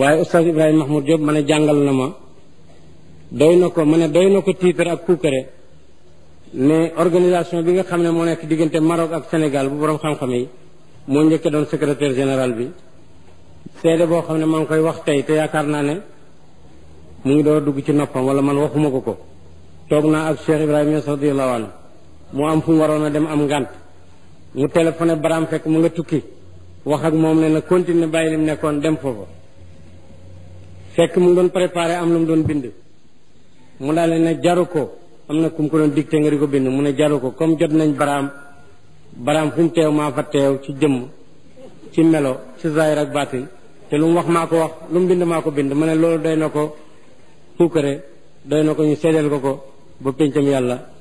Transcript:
waaye oustaz Ibrahima Mahmoud Diop ma ne jàngal na ma doy na ko ma ne doy na ko tiitar ak kuukare ne organisation bi nga xam ne moo nekk diggante Maroc ak Sénégal bu borom xam-xam yi moo njëkkee doon secrétaire général bi seede boo xam ne maa ngi koy wax tey te yaakaar naa ne mu ngi door dugg ci noppam wala man waxuma ko ko toog naa ak Cheikh Ibrahima Niass radiyallahu anhu mu am fu waroon a dem am ngànt mu téléphoné baram fekk mu nga tukki wax ak moom ne na continuer bàyyi lim nekkoon dem foofa fekk mu ngi doon préparé am lu mu doon bind mu daal ne jaru ko am na ku mu ko doon dicté nga di ko bind mu ne jaru ko comme jot nañ baraam baraam fu mu teew maa fa teew ci jëmm ci melo ci zahir ak baatin te lu mu wax maa ko wax lu mu bind maa ko bind ma ne loolu doy na ko puukare doy na ko ñu seedeel ko ko ba péncam yàlla